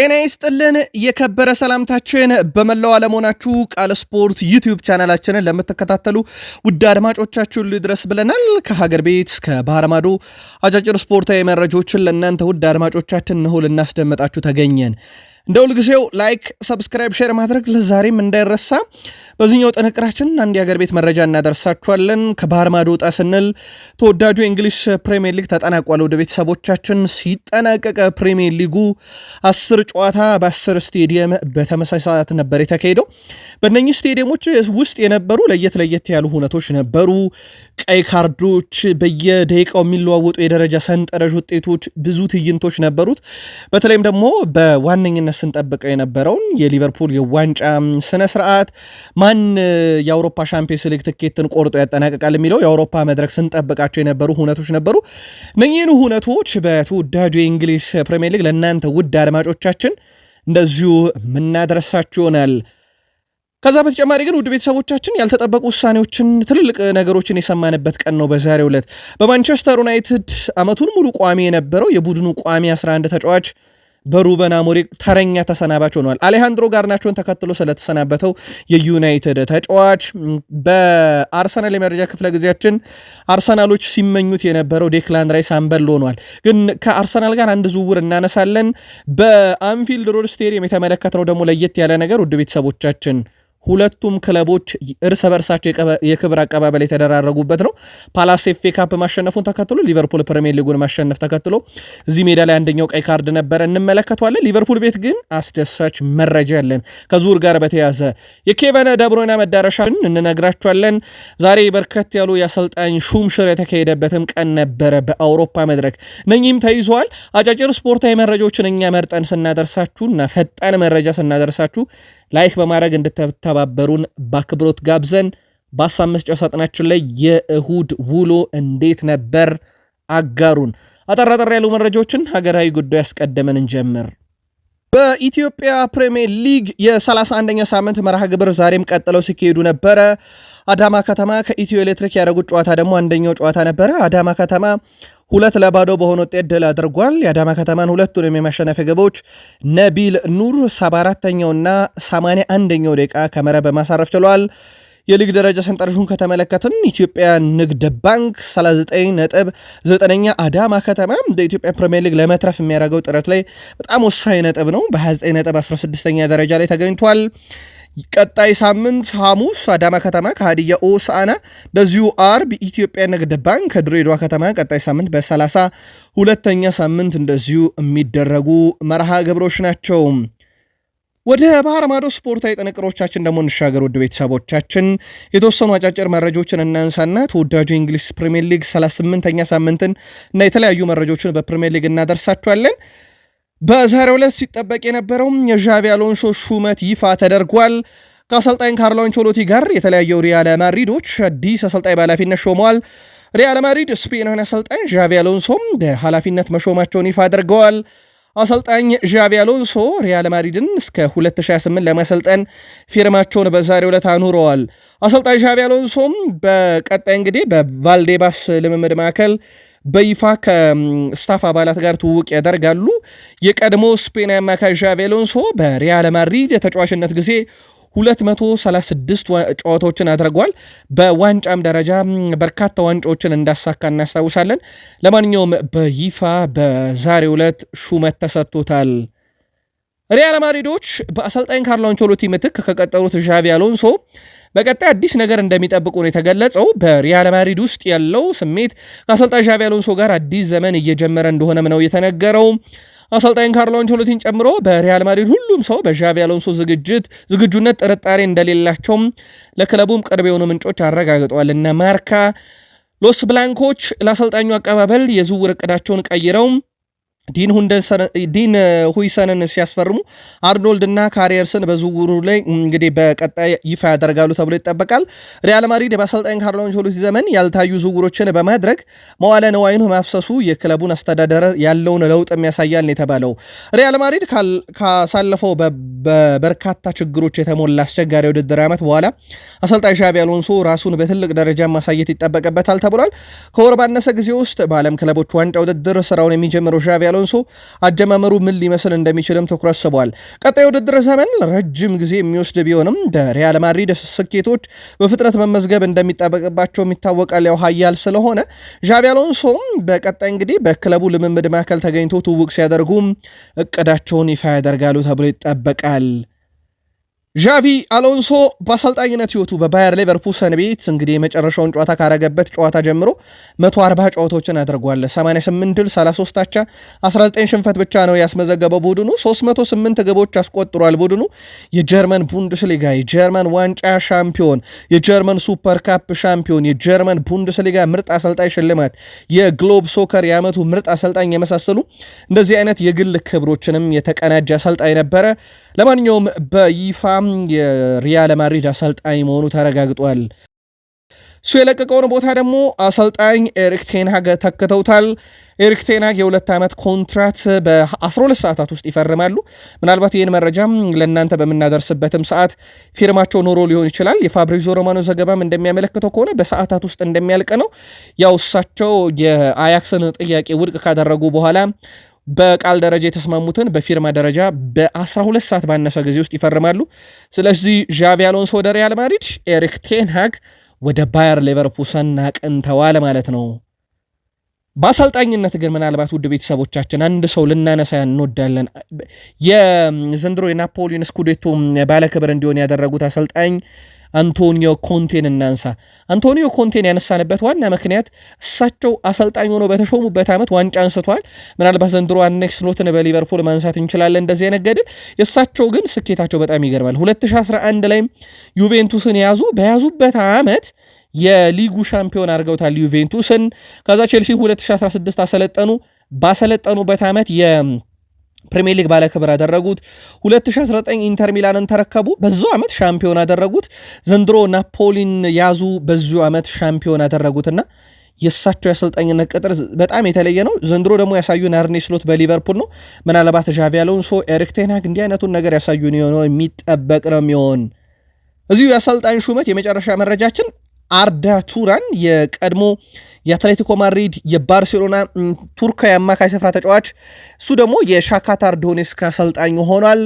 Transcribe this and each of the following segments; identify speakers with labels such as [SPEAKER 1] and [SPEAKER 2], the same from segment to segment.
[SPEAKER 1] ጤና ይስጥልን የከበረ ሰላምታችን በመላው አለመሆናችሁ ቃል ስፖርት ዩቲዩብ ቻናላችንን ለምትከታተሉ ውድ አድማጮቻችሁን ልድረስ ብለናል። ከሀገር ቤት እስከ ባህር ማዶ አጫጭር ስፖርታዊ መረጃዎችን ለእናንተ ውድ አድማጮቻችን እንሆ ልናስደመጣችሁ ተገኘን። እንደ ሁልጊዜው ላይክ፣ ሰብስክራይብ፣ ሼር ማድረግ ለዛሬም እንዳይረሳ። በዚህኛው ጥንቅራችን አንድ የአገር ቤት መረጃ እናደርሳችኋለን። ከባህር ማዶ ወጣ ስንል ተወዳጁ የእንግሊዝ ፕሪሚየር ሊግ ተጠናቋል። ወደ ቤተሰቦቻችን ሲጠናቀቀ ፕሪሚየር ሊጉ አስር ጨዋታ በአስር ስቴዲየም በተመሳሳይ ሰዓት ነበር የተካሄደው። በእነኚህ ስቴዲየሞች ውስጥ የነበሩ ለየት ለየት ያሉ ሁነቶች ነበሩ። ቀይ ካርዶች፣ በየደቂቃው የሚለዋወጡ የደረጃ ሰንጠረዥ ውጤቶች፣ ብዙ ትዕይንቶች ነበሩት። በተለይም ደግሞ በዋነኝነት በጉጉትነት ስንጠብቀው የነበረውን የሊቨርፑል የዋንጫ ስነ ስርዓት ማን የአውሮፓ ሻምፒየንስ ሊግ ትኬትን ቆርጦ ያጠናቀቃል የሚለው የአውሮፓ መድረክ ስንጠብቃቸው የነበሩ ሁነቶች ነበሩ። እነኚህን ሁነቶች በተወዳጁ የእንግሊዝ ፕሪሚየር ሊግ ለእናንተ ውድ አድማጮቻችን እንደዚሁ የምናደረሳችሁ ይሆናል። ከዛ በተጨማሪ ግን ውድ ቤተሰቦቻችን ያልተጠበቁ ውሳኔዎችን፣ ትልልቅ ነገሮችን የሰማንበት ቀን ነው በዛሬው ዕለት በማንቸስተር ዩናይትድ አመቱን ሙሉ ቋሚ የነበረው የቡድኑ ቋሚ 11 ተጫዋች በሩበን አሞሪም ተረኛ ተሰናባች ሆኗል። አሌሃንድሮ ጋርናቾን ተከትሎ ስለተሰናበተው የዩናይትድ ተጫዋች በአርሰናል የመረጃ ክፍለ ጊዜያችን አርሰናሎች ሲመኙት የነበረው ዴክላን ራይስ አምበል ሆኗል። ግን ከአርሰናል ጋር አንድ ዝውውር እናነሳለን። በአንፊልድ ሮድ ስቴዲየም የተመለከትነው ደግሞ ለየት ያለ ነገር ውድ ቤተሰቦቻችን ሁለቱም ክለቦች እርስ በርሳቸው የክብር አቀባበል የተደራረጉበት ነው። ፓላስ ኤፍ ኤ ካፕ ማሸነፉን ተከትሎ ሊቨርፑል ፕሪሚየር ሊጉን ማሸነፍ ተከትሎ እዚህ ሜዳ ላይ አንደኛው ቀይ ካርድ ነበረ፣ እንመለከተዋለን። ሊቨርፑል ቤት ግን አስደሳች መረጃ ያለን ከዙር ጋር በተያዘ የኬቨን ደብሮና መዳረሻን እንነግራቸዋለን። ዛሬ በርከት ያሉ የአሰልጣኝ ሹምሽር የተካሄደበትም ቀን ነበረ በአውሮፓ መድረክ። እነኚህም ተይዘዋል። አጫጭር ስፖርታዊ መረጃዎችን እኛ መርጠን ስናደርሳችሁ እና ፈጣን መረጃ ስናደርሳችሁ ላይክ በማድረግ እንድትተባበሩን በአክብሮት ጋብዘን በሀሳብ ጫው ሳጥናችን ላይ የእሁድ ውሎ እንዴት ነበር አጋሩን። አጠር አጠር ያሉ መረጃዎችን ሀገራዊ ጉዳይ ያስቀደመን እንጀምር። በኢትዮጵያ ፕሪሚየር ሊግ የ31ኛ ሳምንት መርሃ ግብር ዛሬም ቀጥለው ሲካሄዱ ነበረ። አዳማ ከተማ ከኢትዮ ኤሌክትሪክ ያደረጉት ጨዋታ ደግሞ አንደኛው ጨዋታ ነበረ። አዳማ ከተማ ሁለት ለባዶ በሆነ ውጤት ድል አድርጓል። የአዳማ ከተማን ሁለቱን የማሸነፊያ ግቦች ነቢል ኑር 74ተኛውና 81ኛው ደቂቃ ከመረብ በማሳረፍ ችሏል። የሊግ ደረጃ ሰንጠረዡን ከተመለከትን ኢትዮጵያ ንግድ ባንክ 39 ነጥብ ዘጠነኛ፣ አዳማ ከተማ ኢትዮጵያ ፕሪሚየር ሊግ ለመትረፍ የሚያደርገው ጥረት ላይ በጣም ወሳኝ ነጥብ ነው። በ29 ነጥብ 16ኛ ደረጃ ላይ ተገኝቷል። ቀጣይ ሳምንት ሐሙስ አዳማ ከተማ ከሀዲያ ኦሳና፣ እንደዚሁ አርብ ኢትዮጵያ ንግድ ባንክ ከድሬዳዋ ከተማ ቀጣይ ሳምንት በሰላሳ ሁለተኛ ሳምንት እንደዚሁ የሚደረጉ መርሃ ግብሮች ናቸው። ወደ ባህር ማዶ ስፖርታዊ ጥንቅሮቻችን ደግሞ እንሻገር። ውድ ቤተሰቦቻችን የተወሰኑ አጫጭር መረጃዎችን እናንሳና ተወዳጁ የእንግሊዝ ፕሪምየር ሊግ 38ኛ ሳምንትን እና የተለያዩ መረጃዎችን በፕሪምየር ሊግ እናደርሳችኋለን። በዛሬው ዕለት ሲጠበቅ የነበረው የዣቪ አሎንሶ ሹመት ይፋ ተደርጓል። ከአሰልጣኝ ካርሎ አንቾሎቲ ጋር የተለያየው ሪያል ማድሪዶች አዲስ አሰልጣኝ በኃላፊነት ሾመዋል። ሪያል ማድሪድ ስፔናዊን አሰልጣኝ ዣቪ አሎንሶም በኃላፊነት መሾማቸውን ይፋ አድርገዋል። አሰልጣኝ ዣቪ አሎንሶ ሪያል ማድሪድን እስከ 2028 ለማሰልጠን ፊርማቸውን በዛሬው ዕለት አኑረዋል። አሰልጣኝ ዣቪ አሎንሶም በቀጣይ እንግዲህ በቫልዴባስ ልምምድ ማዕከል በይፋ ከስታፍ አባላት ጋር ትውውቅ ያደርጋሉ። የቀድሞ ስፔን አማካይ ዣቪ አሎንሶ በሪያል ማድሪድ የተጫዋችነት ጊዜ 236 ጨዋታዎችን አድርጓል። በዋንጫም ደረጃ በርካታ ዋንጫዎችን እንዳሳካ እናስታውሳለን። ለማንኛውም በይፋ በዛሬው ዕለት ሹመት ተሰጥቶታል። ሪያል ማድሪዶች በአሰልጣኝ ካርሎ አንቸሎቲ ምትክ ከቀጠሩት ዣቪ አሎንሶ በቀጣይ አዲስ ነገር እንደሚጠብቁ ነው የተገለጸው። በሪያል ማድሪድ ውስጥ ያለው ስሜት ከአሰልጣኝ ዣቪ አሎንሶ ጋር አዲስ ዘመን እየጀመረ እንደሆነም ነው የተነገረው። አሰልጣኝ ካርሎ አንቸሎቲን ጨምሮ በሪያል ማድሪድ ሁሉም ሰው በዣቪ አሎንሶ ዝግጅት ዝግጁነት ጥርጣሬ እንደሌላቸውም ለክለቡም ቅርብ የሆኑ ምንጮች አረጋግጠዋል። እነ ማርካ ሎስ ብላንኮች ለአሰልጣኙ አቀባበል የዝውውር እቅዳቸውን ቀይረው ዲን ሁይሰንን ሲያስፈርሙ አርኖልድ እና ካሪየርስን በዝውውሩ ላይ እንግዲህ በቀጣይ ይፋ ያደርጋሉ ተብሎ ይጠበቃል። ሪያል ማድሪድ በአሰልጣኝ ካርሎ አንቸሎቲ ዘመን ያልታዩ ዝውውሮችን በማድረግ መዋለ ንዋይን ማፍሰሱ የክለቡን አስተዳደር ያለውን ለውጥ የሚያሳያል ነው የተባለው። ሪያል ማድሪድ ካሳለፈው በበርካታ ችግሮች የተሞላ አስቸጋሪ ውድድር ዓመት በኋላ አሰልጣኝ ሻቢ አሎንሶ ራሱን በትልቅ ደረጃ ማሳየት ይጠበቅበታል ተብሏል። ከወር ባነሰ ጊዜ ውስጥ በዓለም ክለቦች ዋንጫ ውድድር ስራውን የሚጀምረው ሻቢ አሎንሶ አሎንሶ አጀማመሩ ምን ሊመስል እንደሚችልም ትኩረት ስቧል። ቀጣይ ውድድር ዘመን ረጅም ጊዜ የሚወስድ ቢሆንም በሪያል ማድሪድ ስኬቶች በፍጥነት መመዝገብ እንደሚጠበቅባቸው ይታወቃል። ያው ሀያል ስለሆነ ዣቢ አሎንሶም በቀጣይ እንግዲህ በክለቡ ልምምድ ማዕከል ተገኝቶ ትውውቅ ሲያደርጉ እቅዳቸውን ይፋ ያደርጋሉ ተብሎ ይጠበቃል። ዣቪ አሎንሶ በአሰልጣኝነት ህይወቱ በባየር ሌቨርኩሰን ቤት እንግዲህ የመጨረሻውን ጨዋታ ካረገበት ጨዋታ ጀምሮ 140 ጨዋታዎችን አድርጓል። 88 ድል፣ 33 አቻ፣ 19 ሽንፈት ብቻ ነው ያስመዘገበው ቡድኑ። 308 ግቦች አስቆጥሯል ቡድኑ። የጀርመን ቡንድስሊጋ፣ የጀርመን ዋንጫ ሻምፒዮን፣ የጀርመን ሱፐር ካፕ ሻምፒዮን፣ የጀርመን ቡንድስሊጋ ምርጥ አሰልጣኝ ሽልማት፣ የግሎብ ሶከር የአመቱ ምርጥ አሰልጣኝ የመሳሰሉ እንደዚህ አይነት የግል ክብሮችንም የተቀናጀ አሰልጣኝ ነበረ። ለማንኛውም በይፋ የሪያል ማድሪድ አሰልጣኝ መሆኑ ተረጋግጧል። እሱ የለቀቀውን ቦታ ደግሞ አሰልጣኝ ኤሪክ ቴንሃግ ተክተውታል። ኤሪክ ቴንሃግ የሁለት ዓመት ኮንትራት በ12 ሰዓታት ውስጥ ይፈርማሉ። ምናልባት ይህን መረጃም ለእናንተ በምናደርስበትም ሰዓት ፊርማቸው ኖሮ ሊሆን ይችላል። የፋብሪዞ ሮማኖ ዘገባም እንደሚያመለክተው ከሆነ በሰዓታት ውስጥ እንደሚያልቅ ነው። ያው እሳቸው የአያክስን ጥያቄ ውድቅ ካደረጉ በኋላ በቃል ደረጃ የተስማሙትን በፊርማ ደረጃ በ12 ሰዓት ባነሰ ጊዜ ውስጥ ይፈርማሉ። ስለዚህ ዣቪ አሎንሶ ወደ ሪያል ማድሪድ፣ ኤሪክ ቴንሃግ ወደ ባየር ሌቨርኩሰን አቅንተዋል ማለት ነው። በአሰልጣኝነት ግን ምናልባት ውድ ቤተሰቦቻችን አንድ ሰው ልናነሳ እንወዳለን። የዘንድሮ የናፖሊዮን ስኩዴቶ ባለክብር እንዲሆን ያደረጉት አሰልጣኝ አንቶኒዮ ኮንቴን እናንሳ። አንቶኒዮ ኮንቴን ያነሳንበት ዋና ምክንያት እሳቸው አሰልጣኝ ሆነው በተሾሙበት ዓመት ዋንጫ አንስቷል። ምናልባት ዘንድሮ አርኔ ስሎትን በሊቨርፑል ማንሳት እንችላለን። እንደዚህ የነገድን የእሳቸው ግን ስኬታቸው በጣም ይገርማል። 2011 ላይም ዩቬንቱስን የያዙ በያዙበት ዓመት የሊጉ ሻምፒዮን አድርገውታል ዩቬንቱስን። ከዛ ቼልሲ 2016 አሰለጠኑ። ባሰለጠኑበት ዓመት የ ፕሪሚየር ሊግ ባለክብር አደረጉት። 2019 ኢንተር ሚላንን ተረከቡ። በዙ ዓመት ሻምፒዮን አደረጉት። ዘንድሮ ናፖሊን ያዙ። በዙ ዓመት ሻምፒዮን አደረጉትና የእሳቸው የአሰልጣኝነት ቅጥር በጣም የተለየ ነው። ዘንድሮ ደግሞ ያሳዩን አርኔ ስሎት በሊቨርፑል ነው። ምናልባት ዣቪ አሎንሶ፣ ኤሪክ ቴናግ እንዲህ አይነቱን ነገር ያሳዩን የሆነው የሚጠበቅ ነው የሚሆን እዚሁ የአሰልጣኝ ሹመት የመጨረሻ መረጃችን አርዳ ቱራን የቀድሞ የአትሌቲኮ ማድሪድ የባርሴሎና ቱርካዊ አማካይ ስፍራ ተጫዋች እሱ ደግሞ የሻካታር ዶኔስክ አሰልጣኝ ሆኗል።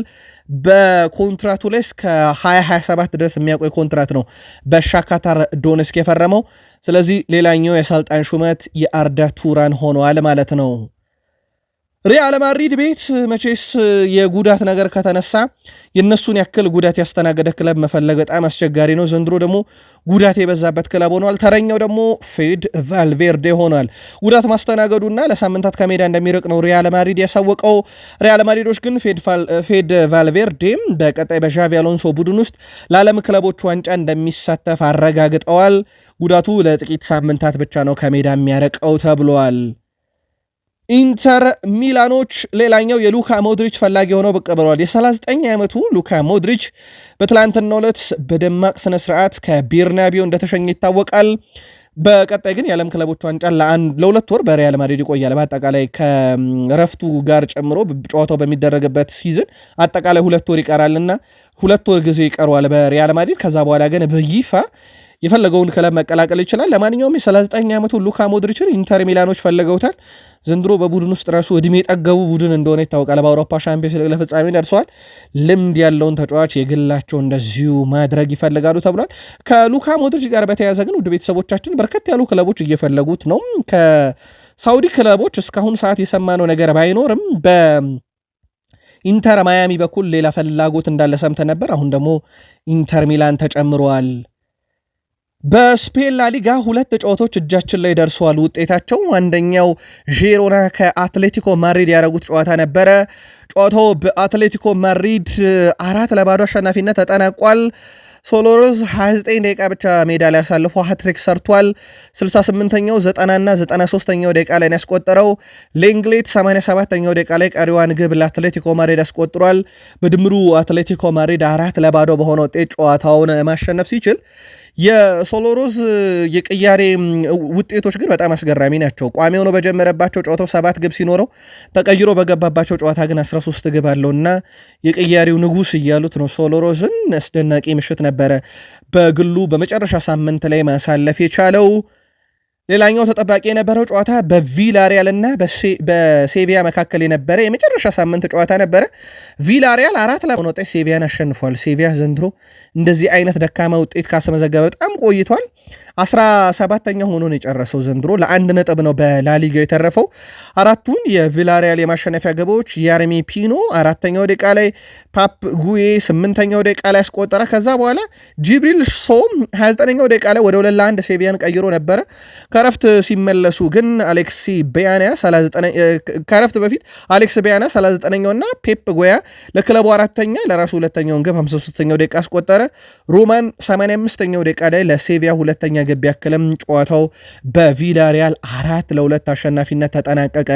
[SPEAKER 1] በኮንትራቱ ላይ እስከ 2027 ድረስ የሚያቆይ ኮንትራት ነው በሻካታር ዶኔስክ የፈረመው። ስለዚህ ሌላኛው የአሰልጣኝ ሹመት የአርዳ ቱራን ሆኗል ማለት ነው። ሪያል ማድሪድ ቤት መቼስ የጉዳት ነገር ከተነሳ የእነሱን ያክል ጉዳት ያስተናገደ ክለብ መፈለግ በጣም አስቸጋሪ ነው። ዘንድሮ ደግሞ ጉዳት የበዛበት ክለብ ሆኗል። ተረኛው ደግሞ ፌድ ቫልቬርዴ ሆኗል። ጉዳት ማስተናገዱና ለሳምንታት ከሜዳ እንደሚርቅ ነው ሪያል ማድሪድ ያሳወቀው። ሪያል ማድሪዶች ግን ፌድ ቫልቬርዴም በቀጣይ በዣቪ አሎንሶ ቡድን ውስጥ ለዓለም ክለቦች ዋንጫ እንደሚሳተፍ አረጋግጠዋል። ጉዳቱ ለጥቂት ሳምንታት ብቻ ነው ከሜዳ የሚያረቀው ተብሏል። ኢንተር ሚላኖች ሌላኛው የሉካ ሞድሪች ፈላጊ ሆነው ብቅ ብለዋል። የ39 ዓመቱ ሉካ ሞድሪች በትላንትናው ዕለት በደማቅ ስነ ስርዓት ከቤርናቢዮ እንደተሸኘ ይታወቃል። በቀጣይ ግን የዓለም ክለቦች ዋንጫ ለሁለት ወር በሪያል ማድሪድ ይቆያል። በአጠቃላይ ከረፍቱ ጋር ጨምሮ ጨዋታው በሚደረግበት ሲዝን አጠቃላይ ሁለት ወር ይቀራልና ሁለት ወር ጊዜ ይቀረዋል በሪያል ማድሪድ። ከዛ በኋላ ግን በይፋ የፈለገውን ክለብ መቀላቀል ይችላል። ለማንኛውም የ39 ዓመቱ ሉካ ሞድሪችን ኢንተር ሚላኖች ፈለገውታል። ዘንድሮ በቡድን ውስጥ ራሱ እድሜ ጠገቡ ቡድን እንደሆነ ይታወቃል። በአውሮፓ ሻምፒዮንስ ሊግ ለፍጻሜ ደርሰዋል። ልምድ ያለውን ተጫዋች የግላቸው እንደዚሁ ማድረግ ይፈልጋሉ ተብሏል። ከሉካ ሞድሪች ጋር በተያያዘ ግን ውድ ቤተሰቦቻችን በርከት ያሉ ክለቦች እየፈለጉት ነው። ከሳውዲ ክለቦች እስካሁን ሰዓት የሰማነው ነገር ባይኖርም በ ኢንተር ማያሚ በኩል ሌላ ፍላጎት እንዳለ ሰምተ ነበር። አሁን ደግሞ ኢንተር ሚላን ተጨምሯል በስፔን ላሊጋ ሁለት ጨዋታዎች እጃችን ላይ ደርሰዋል ውጤታቸው። አንደኛው ዢሮና ከአትሌቲኮ ማድሪድ ያደረጉት ጨዋታ ነበረ። ጨዋታው በአትሌቲኮ ማድሪድ አራት ለባዶ አሸናፊነት ተጠናቋል። ሶሎሮዝ 29 ደቂቃ ብቻ ሜዳ ላይ አሳልፎ ሀትሪክ ሰርቷል። 68ኛው፣ 90ና 93ኛው ደቂቃ ላይ ያስቆጠረው ሌንግሌት 87ኛው ደቂቃ ላይ ቀሪዋን ግብ ለአትሌቲኮ ማድሪድ አስቆጥሯል። በድምሩ አትሌቲኮ ማድሪድ አራት ለባዶ በሆነ ውጤት ጨዋታውን ማሸነፍ ሲችል የሶሎሮዝ የቅያሬ ውጤቶች ግን በጣም አስገራሚ ናቸው። ቋሚ ሆኖ በጀመረባቸው ጨዋታው ሰባት ግብ ሲኖረው ተቀይሮ በገባባቸው ጨዋታ ግን 13 ግብ እና የቅያሬው ንጉስ እያሉት ነው ሶሎሮዝን። አስደናቂ ምሽት ነበረ በግሉ በመጨረሻ ሳምንት ላይ ማሳለፍ የቻለው። ሌላኛው ተጠባቂ የነበረው ጨዋታ በቪላሪያል እና በሴቪያ መካከል የነበረ የመጨረሻ ሳምንት ጨዋታ ነበረ። ቪላሪያል አራት ለሆነ ውጤት ሴቪያን አሸንፏል። ሴቪያ ዘንድሮ እንደዚህ አይነት ደካማ ውጤት ካስመዘገበ በጣም ቆይቷል። አስራ ሰባተኛ ሆኖ የጨረሰው ዘንድሮ። ለአንድ ነጥብ ነው በላሊጋ የተረፈው። አራቱን የቪላሪያል የማሸነፊያ ግቦች የአርሜ ፒኖ አራተኛው ደቂቃ ላይ፣ ፓፕ ጉዬ ስምንተኛው ደቂቃ ላይ አስቆጠረ። ከዛ በኋላ ጅብሪል ሶም 29ኛው ደቂቃ ላይ ወደ ሁለት ለአንድ ሴቪያን ቀይሮ ነበረ። ከረፍት ሲመለሱ ግን አሌክሲ ቢያና ከረፍት በፊት አሌክስ ቢያና 39ኛውና ፔፕ ጎያ ለክለቡ አራተኛ ለራሱ ሁለተኛውን ግብ 53ኛው ደቂቃ አስቆጠረ። ሮማን 85ኛው ደቂቃ ላይ ለሴቪያ ሁለተኛ ግብ ያክልም ጨዋታው በቪላሪያል አራት ለሁለት አሸናፊነት ተጠናቀቀ።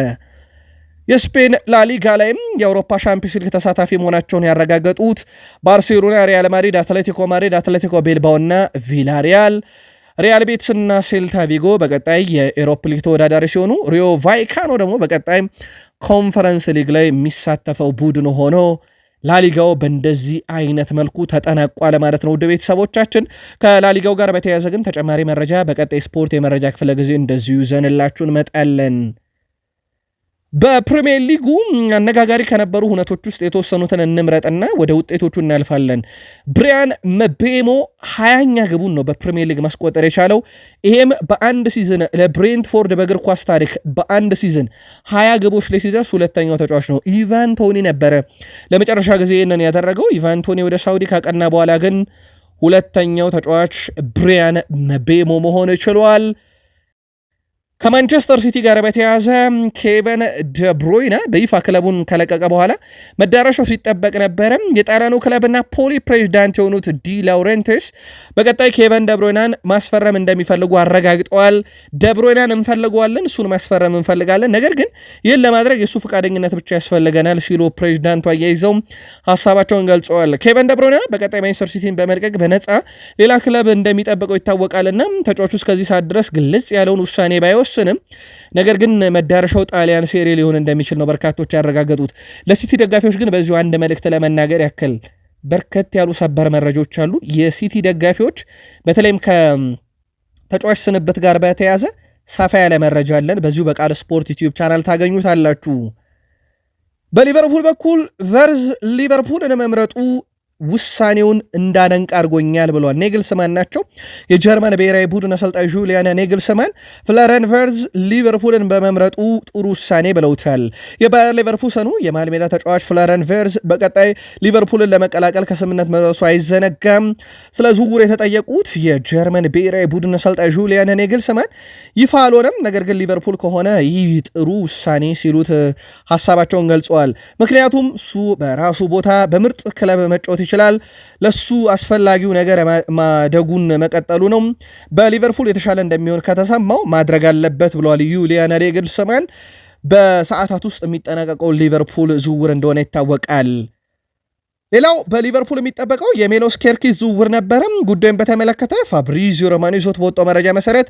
[SPEAKER 1] የስፔን ላሊጋ ላይም የአውሮፓ ሻምፒዮንስ ሊግ ተሳታፊ መሆናቸውን ያረጋገጡት ባርሴሎና፣ ሪያል ማድሪድ፣ አትሌቲኮ ማድሪድ፣ አትሌቲኮ ቤልባውና ቪላሪያል ሪያል ቤትስና ሴልታ ቪጎ በቀጣይ የኤሮፕ ሊግ ተወዳዳሪ ሲሆኑ ሪዮ ቫይካኖ ደግሞ በቀጣይ ኮንፈረንስ ሊግ ላይ የሚሳተፈው ቡድን ሆኖ ላሊጋው በእንደዚህ አይነት መልኩ ተጠናቋል ማለት ነው። ውድ ቤተሰቦቻችን ከላሊጋው ጋር በተያያዘ ግን ተጨማሪ መረጃ በቀጣይ ስፖርት የመረጃ ክፍለ ጊዜ እንደዚሁ ዘንላችሁን መጣለን። በፕሪሚየር ሊጉ አነጋጋሪ ከነበሩ ሁነቶች ውስጥ የተወሰኑትን እንምረጥና ወደ ውጤቶቹ እናልፋለን። ብሪያን መቤሞ ሀያኛ ግቡን ነው በፕሪሚየር ሊግ ማስቆጠር የቻለው። ይሄም በአንድ ሲዝን ለብሬንትፎርድ በእግር ኳስ ታሪክ በአንድ ሲዝን ሀያ ግቦች ላይ ሲደርስ ሁለተኛው ተጫዋች ነው። ኢቫን ቶኒ ነበረ ለመጨረሻ ጊዜ ይህንን ያደረገው። ኢቫን ቶኒ ወደ ሳውዲ ካቀና በኋላ ግን ሁለተኛው ተጫዋች ብሪያን መቤሞ መሆን ችሏል። ከማንቸስተር ሲቲ ጋር በተያያዘ ኬቨን ደብሮይነ በይፋ ክለቡን ከለቀቀ በኋላ መዳረሻው ሲጠበቅ ነበረ። የጣሊያኑ ክለብና ፖሊ ፕሬዚዳንት የሆኑት ዲ ላውረንቴስ በቀጣይ ኬቨን ደብሮይናን ማስፈረም እንደሚፈልጉ አረጋግጠዋል። ደብሮይናን እንፈልገዋለን፣ እሱን ማስፈረም እንፈልጋለን፣ ነገር ግን ይህን ለማድረግ የእሱ ፈቃደኝነት ብቻ ያስፈልገናል ሲሉ ፕሬዚዳንቱ አያይዘው ሀሳባቸውን ገልጸዋል። ኬቨን ደብሮይና በቀጣይ ማንቸስተር ሲቲን በመልቀቅ በነፃ ሌላ ክለብ እንደሚጠብቀው ይታወቃልና ተጫዋቹ እስከዚህ ሰዓት ድረስ ግልጽ ያለውን ውሳኔ ባይወስ ቢወስንም ነገር ግን መዳረሻው ጣሊያን ሴሪ ሊሆን እንደሚችል ነው በርካቶች ያረጋገጡት። ለሲቲ ደጋፊዎች ግን በዚሁ አንድ መልእክት ለመናገር ያክል በርከት ያሉ ሰበር መረጃዎች አሉ። የሲቲ ደጋፊዎች በተለይም ከተጫዋች ስንብት ጋር በተያዘ ሰፋ ያለ መረጃ አለን። በዚሁ በቃል ስፖርት ዩቲዩብ ቻናል ታገኙታላችሁ። በሊቨርፑል በኩል ቨርዝ ሊቨርፑልን መምረጡ ውሳኔውን እንዳደንቅ አድርጎኛል ብሏል። ኔግልስማን ናቸው። የጀርመን ብሔራዊ ቡድን አሰልጣኝ ዡሊያን ኔግልስማን ፍለረንቨርዝ ሊቨርፑልን በመምረጡ ጥሩ ውሳኔ ብለውታል። የባየር ሊቨርፑሰኑ የመሃል ሜዳ ተጫዋች ፍለረንቨርዝ በቀጣይ ሊቨርፑልን ለመቀላቀል ከስምነት መድረሱ አይዘነጋም። ስለ ዝውውር የተጠየቁት የጀርመን ብሔራዊ ቡድን አሰልጣኝ ዡሊያን ኔግልስማን ይፋ አልሆነም፣ ነገር ግን ሊቨርፑል ከሆነ ይህ ጥሩ ውሳኔ ሲሉት ሀሳባቸውን ገልጸዋል። ምክንያቱም እሱ በራሱ ቦታ በምርጥ ክለብ መጫወት ይችላል። ለሱ አስፈላጊው ነገር ማደጉን መቀጠሉ ነው። በሊቨርፑል የተሻለ እንደሚሆን ከተሰማው ማድረግ አለበት ብለዋል ዩሊያን ናግልስማን። በሰዓታት ውስጥ የሚጠናቀቀው ሊቨርፑል ዝውውር እንደሆነ ይታወቃል። ሌላው በሊቨርፑል የሚጠበቀው የሜሎስ ኬርኪስ ዝውውር ነበረም። ጉዳዩን በተመለከተ ፋብሪዚዮ ሮማኖ ይዞት በወጣው መረጃ መሰረት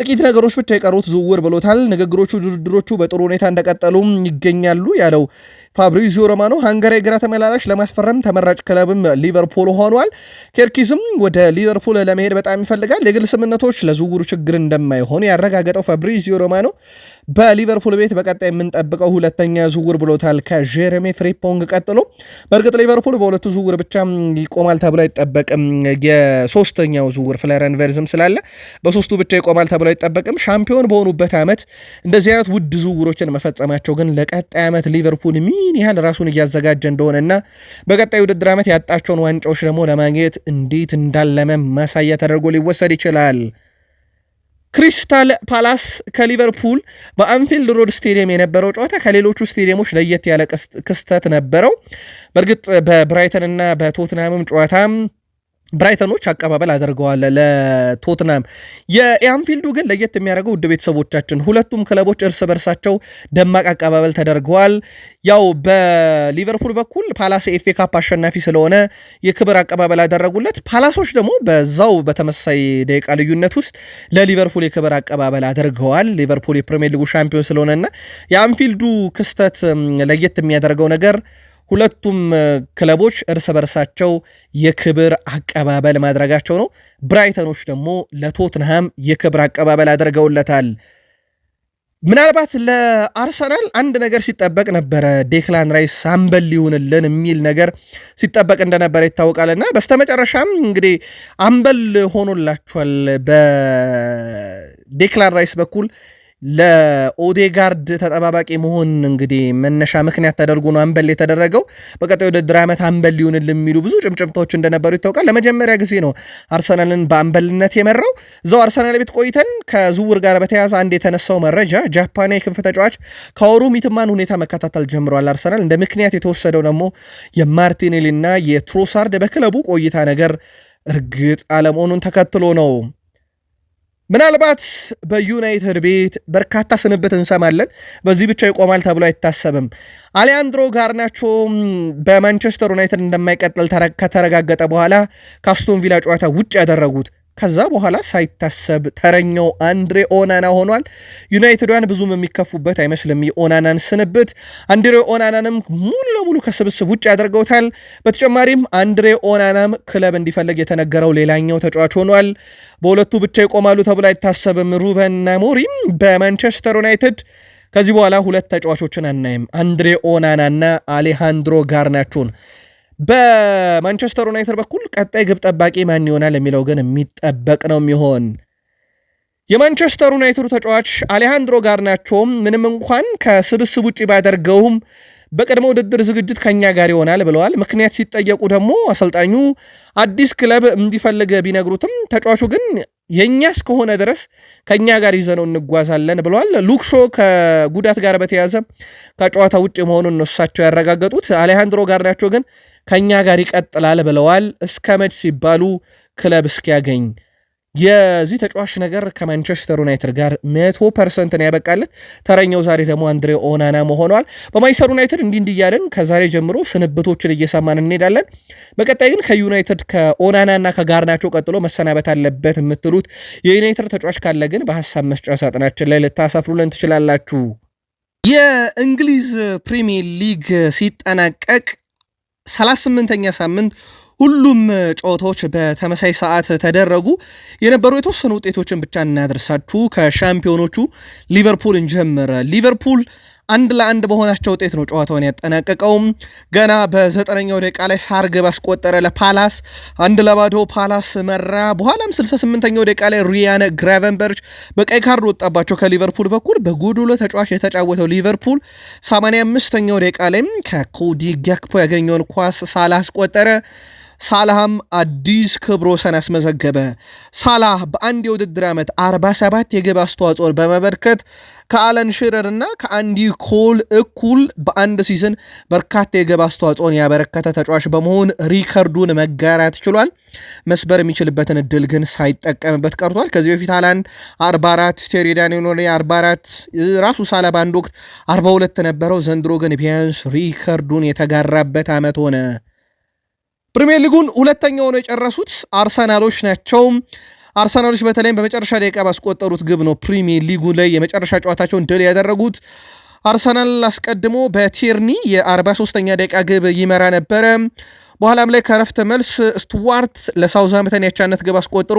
[SPEAKER 1] ጥቂት ነገሮች ብቻ የቀሩት ዝውውር ብሎታል። ንግግሮቹ፣ ድርድሮቹ በጥሩ ሁኔታ እንደቀጠሉም ይገኛሉ ያለው ፋብሪዚዮ ሮማኖ ሃንጋሪ ግራ ተመላላሽ ለማስፈረም ተመራጭ ክለብም ሊቨርፑል ሆኗል። ኬርኪዝም ወደ ሊቨርፑል ለመሄድ በጣም ይፈልጋል። የግል ስምምነቶች ለዝውውሩ ችግር እንደማይሆኑ ያረጋገጠው ፋብሪዚዮ ሮማኖ በሊቨርፑል ቤት በቀጣይ የምንጠብቀው ሁለተኛ ዝውውር ብሎታል ከጀረሚ ፍሪፖንግ ቀጥሎ። በእርግጥ ሊቨርፑል በሁለቱ ዝውውር ብቻ ይቆማል ተብሎ አይጠበቅም። የሶስተኛው ዝውውር ፍለረን ቨርዝም ስላለ በሶስቱ ብቻ ይቆማል ተብሎ አይጠበቅም። ሻምፒዮን በሆኑበት ዓመት እንደዚህ አይነት ውድ ዝውውሮችን መፈጸማቸው ግን ለቀጣይ ዓመት ሊቨርፑል ምን ያህል ራሱን እያዘጋጀ እንደሆነና በቀጣይ ውድድር ዓመት ያጣቸውን ዋንጫዎች ደግሞ ለማግኘት እንዴት እንዳለመ ማሳያ ተደርጎ ሊወሰድ ይችላል። ክሪስታል ፓላስ ከሊቨርፑል በአንፊልድ ሮድ ስቴዲየም የነበረው ጨዋታ ከሌሎቹ ስቴዲየሞች ለየት ያለ ክስተት ነበረው። በእርግጥ በብራይተንና በቶትናምም ጨዋታ ብራይተኖች አቀባበል አድርገዋል ለቶትናም። የኤንፊልዱ ግን ለየት የሚያደርገው ውድ ቤተሰቦቻችን ሁለቱም ክለቦች እርስ በርሳቸው ደማቅ አቀባበል ተደርገዋል። ያው በሊቨርፑል በኩል ፓላስ ኤፌ ካፕ አሸናፊ ስለሆነ የክብር አቀባበል አደረጉለት። ፓላሶች ደግሞ በዛው በተመሳሳይ ደቂቃ ልዩነት ውስጥ ለሊቨርፑል የክብር አቀባበል አድርገዋል። ሊቨርፑል የፕሪሚየር ሊጉ ሻምፒዮን ስለሆነና የአንፊልዱ ክስተት ለየት የሚያደርገው ነገር ሁለቱም ክለቦች እርስ በርሳቸው የክብር አቀባበል ማድረጋቸው ነው። ብራይተኖች ደግሞ ለቶትንሃም የክብር አቀባበል አድርገውለታል። ምናልባት ለአርሰናል አንድ ነገር ሲጠበቅ ነበረ። ዴክላን ራይስ አምበል ሊሆንልን የሚል ነገር ሲጠበቅ እንደነበረ ይታወቃልና በስተመጨረሻም እንግዲህ አምበል ሆኖላቸዋል በዴክላን ራይስ በኩል ለኦዴጋርድ ተጠባባቂ መሆን እንግዲህ መነሻ ምክንያት ተደርጎ ነው አምበል የተደረገው። በቀጣይ ውድድር ዓመት አምበል ሊሆንል የሚሉ ብዙ ጭምጭምታዎች እንደነበሩ ይታወቃል። ለመጀመሪያ ጊዜ ነው አርሰናልን በአምበልነት የመራው። እዛው አርሰናል ቤት ቆይተን ከዝውውር ጋር በተያያዘ አንድ የተነሳው መረጃ ጃፓናዊ የክንፍ ተጫዋች ካዎሩ ሚትማን ሁኔታ መከታተል ጀምሯል። አርሰናል እንደ ምክንያት የተወሰደው ደግሞ የማርቲኔሊ የትሮሳርድ በክለቡ ቆይታ ነገር እርግጥ አለመሆኑን ተከትሎ ነው። ምናልባት በዩናይትድ ቤት በርካታ ስንብት እንሰማለን። በዚህ ብቻ ይቆማል ተብሎ አይታሰብም። አሌያንድሮ ጋርናቾ በማንቸስተር ዩናይትድ እንደማይቀጥል ከተረጋገጠ በኋላ ከአስቶን ቪላ ጨዋታ ውጭ ያደረጉት ከዛ በኋላ ሳይታሰብ ተረኛው አንድሬ ኦናና ሆኗል። ዩናይትዷን ብዙም የሚከፉበት አይመስልም የኦናናን ስንብት። አንድሬ ኦናናንም ሙሉ ለሙሉ ከስብስብ ውጭ ያደርገውታል። በተጨማሪም አንድሬ ኦናናም ክለብ እንዲፈለግ የተነገረው ሌላኛው ተጫዋች ሆኗል። በሁለቱ ብቻ ይቆማሉ ተብሎ አይታሰብም። ሩበን አሞሪም በማንቸስተር ዩናይትድ ከዚህ በኋላ ሁለት ተጫዋቾችን አናይም፣ አንድሬ ኦናናና አሌሃንድሮ ጋርናቾን በማንቸስተር ዩናይትድ በኩል ቀጣይ ግብ ጠባቂ ማን ይሆናል የሚለው ግን የሚጠበቅ ነው የሚሆን። የማንቸስተር ዩናይትዱ ተጫዋች አሌሃንድሮ ጋርናቾም ምንም እንኳን ከስብስብ ውጭ ባያደርገውም በቅድመ ውድድር ዝግጅት ከኛ ጋር ይሆናል ብለዋል። ምክንያት ሲጠየቁ ደግሞ አሰልጣኙ አዲስ ክለብ እንዲፈልግ ቢነግሩትም ተጫዋቹ ግን የእኛ እስከሆነ ድረስ ከእኛ ጋር ይዘነው እንጓዛለን ብለዋል። ሉክሾ ከጉዳት ጋር በተያዘ ከጨዋታ ውጭ መሆኑን ነው እሳቸው ያረጋገጡት። አሌሃንድሮ ጋርናቾ ግን ከእኛ ጋር ይቀጥላል ብለዋል። እስከ መች ሲባሉ ክለብ እስኪያገኝ የዚህ ተጫዋች ነገር ከማንቸስተር ዩናይትድ ጋር መቶ ፐርሰንት ነው ያበቃለት። ተረኛው ዛሬ ደግሞ አንድሬ ኦናና መሆኗል። በማንቸስተር ዩናይትድ እንዲህ እንዲህ እያለን ከዛሬ ጀምሮ ስንብቶችን እየሰማን እንሄዳለን። በቀጣይ ግን ከዩናይትድ ከኦናናና ከጋርናቸው ቀጥሎ መሰናበት አለበት የምትሉት የዩናይትድ ተጫዋች ካለ ግን በሀሳብ መስጫ ሳጥናችን ላይ ልታሰፍሩልን ትችላላችሁ። የእንግሊዝ ፕሪሚየር ሊግ ሲጠናቀቅ 38ኛ ሳምንት ሁሉም ጨዋታዎች በተመሳይ ሰዓት ተደረጉ። የነበሩ የተወሰኑ ውጤቶችን ብቻ እናደርሳችሁ። ከሻምፒዮኖቹ ሊቨርፑል እንጀምር። ሊቨርፑል አንድ ለአንድ በሆናቸው ውጤት ነው ጨዋታውን ያጠናቀቀው። ገና በዘጠነኛው ደቂቃ ላይ ሳር ግብ አስቆጠረ ለፓላስ አንድ ለባዶ ፓላስ መራ። በኋላም 68ኛው ደቂቃ ላይ ሪያነ ግራቨንበርች በቀይ ካርድ ወጣባቸው ከሊቨርፑል በኩል በጎዶሎ ተጫዋች የተጫወተው ሊቨርፑል 85ኛው ደቂቃ ላይም ከኮዲ ጋክፖ ያገኘውን ኳስ ሳላ አስቆጠረ። ሳላህም አዲስ ክብረ ወሰን አስመዘገበ። ሳላህ በአንድ የውድድር ዓመት 47 የግብ አስተዋጽኦን በመበርከት ከአለን ሽረር እና ከአንዲ ኮል እኩል በአንድ ሲዝን በርካታ የግብ አስተዋጽኦን ያበረከተ ተጫዋች በመሆን ሪከርዱን መጋራት ችሏል። መስበር የሚችልበትን እድል ግን ሳይጠቀምበት ቀርቷል። ከዚህ በፊት አላንድ 44፣ ቴሪ ዳኒኖ 44፣ ራሱ ሳላ በአንድ ወቅት 42 ነበረው። ዘንድሮ ግን ቢያንስ ሪከርዱን የተጋራበት ዓመት ሆነ። ፕሪሚየር ሊጉን ሁለተኛ ሆነው የጨረሱት አርሰናሎች ናቸው። አርሰናሎች በተለይም በመጨረሻ ደቂቃ ባስቆጠሩት ግብ ነው ፕሪሚየር ሊጉ ላይ የመጨረሻ ጨዋታቸውን ድል ያደረጉት። አርሰናል አስቀድሞ በቴርኒ የ43ኛ ደቂቃ ግብ ይመራ ነበረ። በኋላም ላይ ከረፍት መልስ ስቱዋርት ለሳውዝሃምፕተን ያቻነት ግብ አስቆጥሮ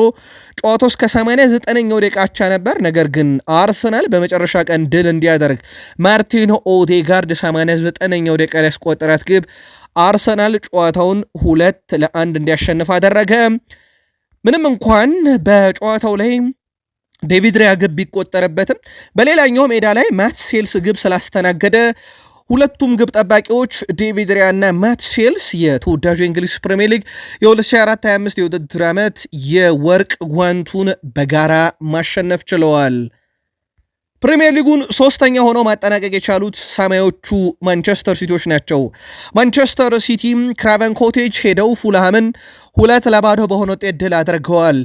[SPEAKER 1] ጨዋታው እስከ 89ኛው ደቂቃ አቻ ነበር። ነገር ግን አርሰናል በመጨረሻ ቀን ድል እንዲያደርግ ማርቲን ኦዴጋርድ 89ኛው ደቂቃ ላይ ያስቆጠራት ግብ አርሰናል ጨዋታውን ሁለት ለአንድ እንዲያሸንፍ አደረገ። ምንም እንኳን በጨዋታው ላይ ዴቪድ ሪያ ግብ ቢቆጠርበትም በሌላኛው ሜዳ ላይ ማት ሴልስ ግብ ስላስተናገደ ሁለቱም ግብ ጠባቂዎች ዴቪድ ሪያ እና ማት ሴልስ የተወዳጁ የእንግሊዝ ፕሪሚየር ሊግ የ2425 የውድድር ዓመት የወርቅ ጓንቱን በጋራ ማሸነፍ ችለዋል። ፕሪምየር ሊጉን ሶስተኛ ሆነው ማጠናቀቅ የቻሉት ሰማዮቹ ማንቸስተር ሲቲዎች ናቸው። ማንቸስተር ሲቲም ክራቨን ኮቴጅ ሄደው ፉልሃምን ሁለት ለባዶ በሆነ ውጤት ድል አድርገዋል።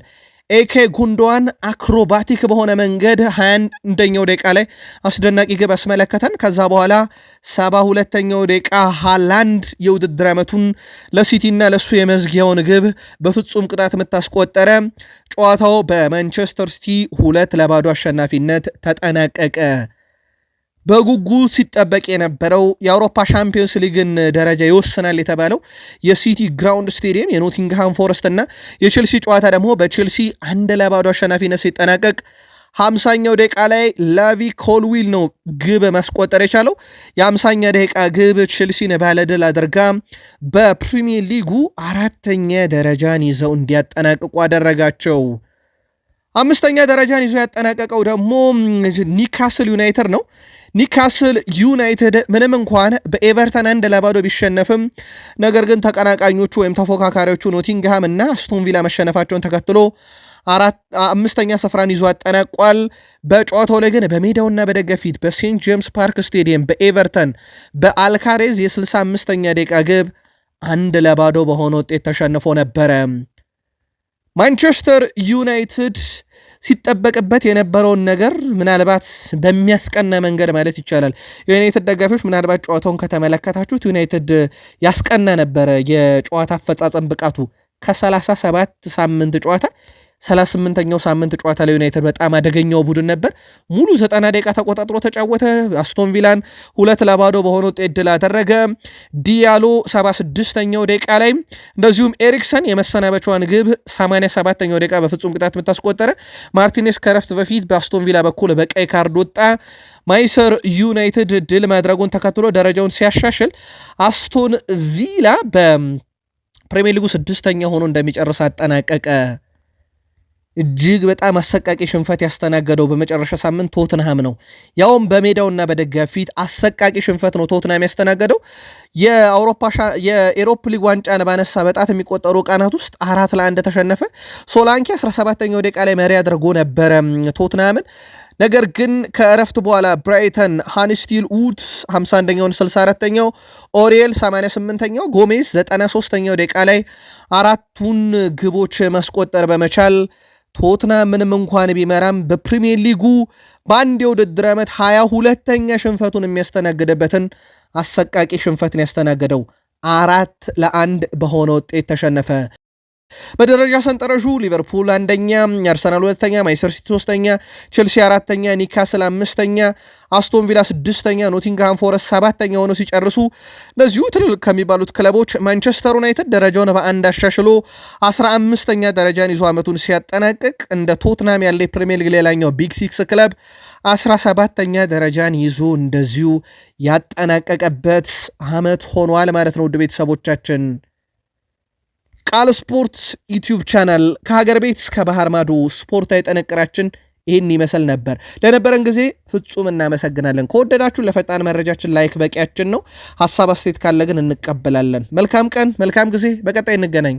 [SPEAKER 1] ኤኬ ጉንዶዋን አክሮባቲክ በሆነ መንገድ 21ኛው ደቂቃ ላይ አስደናቂ ግብ አስመለከተን። ከዛ በኋላ 72ኛው ደቂቃ ሃላንድ የውድድር ዓመቱን ለሲቲና ለሱ የመዝጊያውን ግብ በፍጹም ቅጣት የምታስቆጠረ ጨዋታው በማንቸስተር ሲቲ ሁለት ለባዶ አሸናፊነት ተጠናቀቀ። በጉጉት ሲጠበቅ የነበረው የአውሮፓ ሻምፒዮንስ ሊግን ደረጃ ይወስናል የተባለው የሲቲ ግራውንድ ስቴዲየም የኖቲንግሃም ፎረስት እና የቼልሲ ጨዋታ ደግሞ በቼልሲ አንድ ለባዶ አሸናፊነት ሲጠናቀቅ ሀምሳኛው ደቂቃ ላይ ላቪ ኮልዊል ነው ግብ ማስቆጠር የቻለው። የሀምሳኛ ደቂቃ ግብ ቼልሲን ባለድል አድርጋ በፕሪሚየር ሊጉ አራተኛ ደረጃን ይዘው እንዲያጠናቅቁ አደረጋቸው። አምስተኛ ደረጃን ይዞ ያጠናቀቀው ደግሞ ኒካስል ዩናይትድ ነው። ኒካስል ዩናይትድ ምንም እንኳን በኤቨርተን አንድ ለባዶ ቢሸነፍም ነገር ግን ተቀናቃኞቹ ወይም ተፎካካሪዎቹ ኖቲንግሃም እና አስቶንቪላ መሸነፋቸውን ተከትሎ አምስተኛ ስፍራን ይዞ አጠናቋል። በጨዋታው ላይ ግን በሜዳውና በደገፊት በሴንት ጄምስ ፓርክ ስቴዲየም በኤቨርተን በአልካሬዝ የ65ኛ ደቂቃ ግብ አንድ ለባዶ በሆነ ውጤት ተሸንፎ ነበረ። ማንቸስተር ዩናይትድ ሲጠበቅበት የነበረውን ነገር ምናልባት በሚያስቀና መንገድ ማለት ይቻላል የዩናይትድ ደጋፊዎች ምናልባት ጨዋታውን ከተመለከታችሁት ዩናይትድ ያስቀና ነበረ የጨዋታ አፈጻጸም ብቃቱ ከ37 ሳምንት ጨዋታ 38ኛው ሳምንት ጨዋታ ላይ ዩናይትድ በጣም አደገኛው ቡድን ነበር። ሙሉ 90 ደቂቃ ተቆጣጥሮ ተጫወተ። አስቶን ቪላን ሁለት ለባዶ በሆነ ውጤት ድል አደረገ። ዲያሎ 76ኛው ደቂቃ ላይ እንደዚሁም ኤሪክሰን የመሰናበቻዋን ግብ 87ኛው ደቂቃ በፍጹም ቅጣት የምታስቆጠረ ማርቲኔስ ከረፍት በፊት በአስቶን ቪላ በኩል በቀይ ካርድ ወጣ። ማይሰር ዩናይትድ ድል ማድረጉን ተከትሎ ደረጃውን ሲያሻሽል አስቶን ቪላ በፕሪሚየር ሊጉ ስድስተኛ ሆኖ እንደሚጨርስ አጠናቀቀ። እጅግ በጣም አሰቃቂ ሽንፈት ያስተናገደው በመጨረሻ ሳምንት ቶትንሃም ነው። ያውም በሜዳውና በደጋፊ ፊት አሰቃቂ ሽንፈት ነው ቶትንሃም ያስተናገደው። የኤሮፕ ሊግ ዋንጫን ባነሳ በጣት የሚቆጠሩ ቀናት ውስጥ አራት ለአንድ ተሸነፈ። ሶላንኪ 17ኛው ደቂቃ ላይ መሪ አድርጎ ነበረ ቶትንሃምን። ነገር ግን ከእረፍት በኋላ ብራይተን ሃንስቲል ውድ 51ኛውን 64ኛው፣ ኦሪኤል 88ኛው፣ ጎሜዝ 93ኛው ደቂቃ ላይ አራቱን ግቦች ማስቆጠር በመቻል ቶትና ምንም እንኳን ቢመራም በፕሪሚየር ሊጉ በአንድ የውድድር ዓመት ሀያ ሁለተኛ ሽንፈቱን የሚያስተናግድበትን አሰቃቂ ሽንፈትን ያስተናገደው አራት ለአንድ በሆነ ውጤት ተሸነፈ። በደረጃ ሰንጠረዡ ሊቨርፑል አንደኛ፣ አርሰናል ሁለተኛ፣ ማይስተር ሲቲ ሶስተኛ፣ ቼልሲ አራተኛ፣ ኒካስል አምስተኛ፣ አስቶን ቪላ ስድስተኛ፣ ኖቲንግሃም ፎረስት ሰባተኛ ሆነው ሲጨርሱ እነዚሁ ትልልቅ ከሚባሉት ክለቦች ማንቸስተር ዩናይትድ ደረጃውን በአንድ አሻሽሎ አስራ አምስተኛ ደረጃን ይዞ ዓመቱን ሲያጠናቅቅ እንደ ቶትናም ያለ የፕሪሚየር ሊግ ሌላኛው ቢግ ሲክስ ክለብ አስራ ሰባተኛ ደረጃን ይዞ እንደዚሁ ያጠናቀቀበት ዓመት ሆኗል ማለት ነው ውድ ቤተሰቦቻችን። ቃል ስፖርት ዩቲዩብ ቻናል ከሀገር ቤት እስከ ባህር ማዶ ስፖርታዊ ጥንቅራችን ይህን ይመስል ነበር። ለነበረን ጊዜ ፍጹም እናመሰግናለን። ከወደዳችሁ ለፈጣን መረጃችን ላይክ በቂያችን ነው። ሀሳብ አስተያየት ካለ ግን እንቀበላለን። መልካም ቀን፣ መልካም ጊዜ። በቀጣይ እንገናኝ።